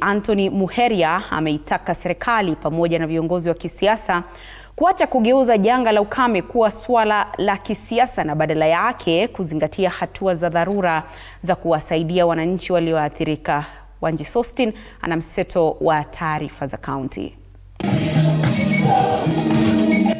Anthony Muheria ameitaka serikali pamoja na viongozi wa kisiasa kuacha kugeuza janga la ukame kuwa suala la kisiasa na badala yake kuzingatia hatua za dharura za kuwasaidia wananchi walioathirika. Wanji Sostin ana mseto wa taarifa za kaunti.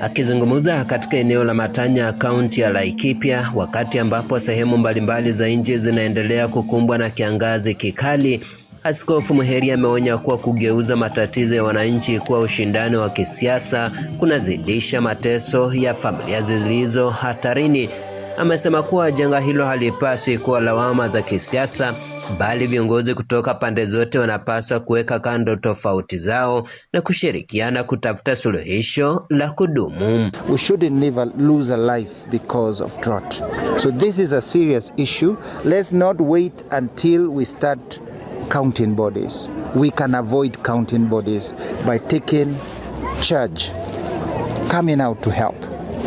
Akizungumza katika eneo la Matanya, kaunti ya Laikipia, wakati ambapo sehemu mbalimbali za nchi zinaendelea kukumbwa na kiangazi kikali Askofu muheri ameonya kuwa kugeuza matatizo ya wananchi kuwa ushindani wa kisiasa kunazidisha mateso ya familia zilizo hatarini. Amesema kuwa janga hilo halipaswi kuwa lawama za kisiasa, bali viongozi kutoka pande zote wanapaswa kuweka kando tofauti zao na kushirikiana kutafuta suluhisho la kudumu. We should never lose a life because of drought. So this is a serious issue. Let's not wait until we start counting bodies. We can avoid counting bodies by taking charge, coming out to help.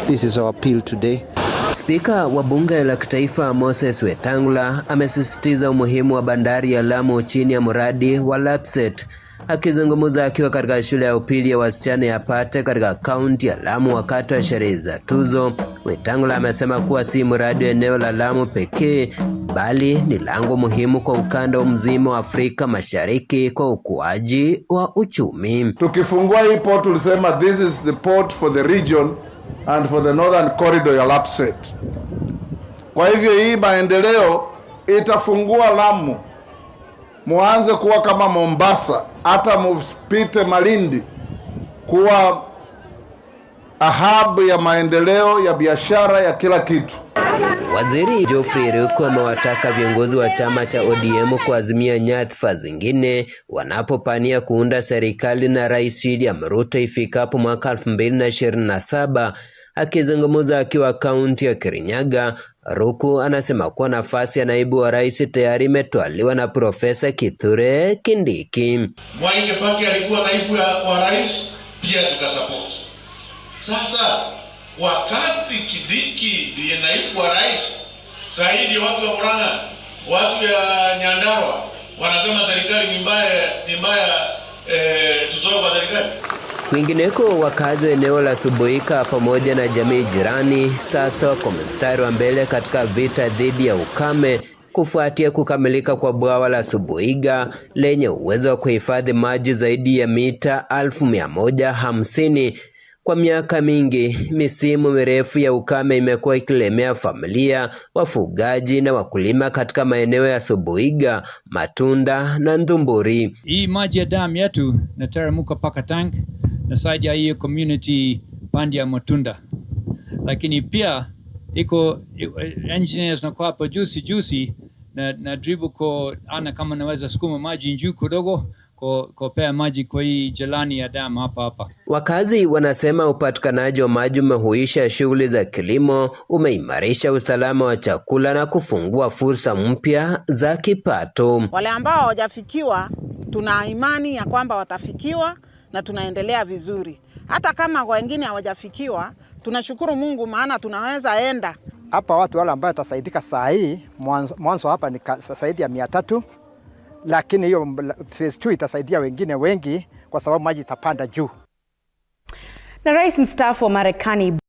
This is our appeal today. Spika wa bunge la kitaifa Moses Wetangula amesisitiza umuhimu wa bandari ya Lamu chini ya mradi wa LAPSSET Akizungumza akiwa katika shule ya upili ya wasichana ya Pate katika kaunti ya Lamu wakati wa sherehe za tuzo, Wetangula amesema kuwa si mradi wa eneo la Lamu pekee bali ni lango muhimu kwa ukanda mzima wa Afrika Mashariki kwa ukuaji wa uchumi. Tukifungua hii port tulisema this is the port for the region and for the northern corridor ya Lapset. Kwa hivyo hii maendeleo itafungua Lamu muanze kuwa kama Mombasa, hata mupite Malindi kuwa ahabu ya maendeleo ya biashara ya kila kitu. Waziri Geoffrey Ruku amewataka viongozi wa chama cha ODM kuazimia nyadhifa zingine wanapopania kuunda serikali na Rais William Ruto ifikapo mwaka 2027. Akizungumza akiwa kaunti ya Kirinyaga, Ruku anasema kuwa nafasi ya naibu wa rais tayari imetwaliwa na Profesa Kithure Kindiki. Mwai Kibaki alikuwa naibu wa rais, pia tukasapoti. Sasa wakati Kidiki ndiye naibu wa rais, zaidi watu wa Murang'a, watu ya Nyandarua wanasema serikali ni mbaya, ni mbaya, eh, tutoe kwa serikali Kwingineko, wakazi wa eneo la Subuika pamoja na jamii jirani sasa wako mstari wa mbele katika vita dhidi ya ukame kufuatia kukamilika kwa bwawa la Subuiga lenye uwezo wa kuhifadhi maji zaidi ya mita elfu mia moja hamsini. Kwa miaka mingi, misimu mirefu ya ukame imekuwa ikilemea familia, wafugaji na wakulima katika maeneo ya Subuiga, Matunda na Ndumburi. Hii maji ya damu yetu inateremka paka tank inside ya hiyo community pande ya matunda, lakini pia iko eh, engineers nakuwa hapo juicy juicy na, na dribu ko ana kama naweza sukuma maji juu kidogo kopea maji kwa hii jelani ya damu hapa hapa. Wakazi wanasema upatikanaji wa maji umehuisha shughuli za kilimo, umeimarisha usalama wa chakula na kufungua fursa mpya za kipato. Wale ambao hawajafikiwa, tuna imani ya kwamba watafikiwa na tunaendelea vizuri. Hata kama wengine hawajafikiwa, tunashukuru Mungu maana tunaweza enda hapa. Watu wale ambao watasaidika saa hii mwanzo hapa ni zaidi ya mia tatu, lakini hiyo phase 2 itasaidia wengine wengi kwa sababu maji itapanda juu. Na rais mstaafu wa Marekani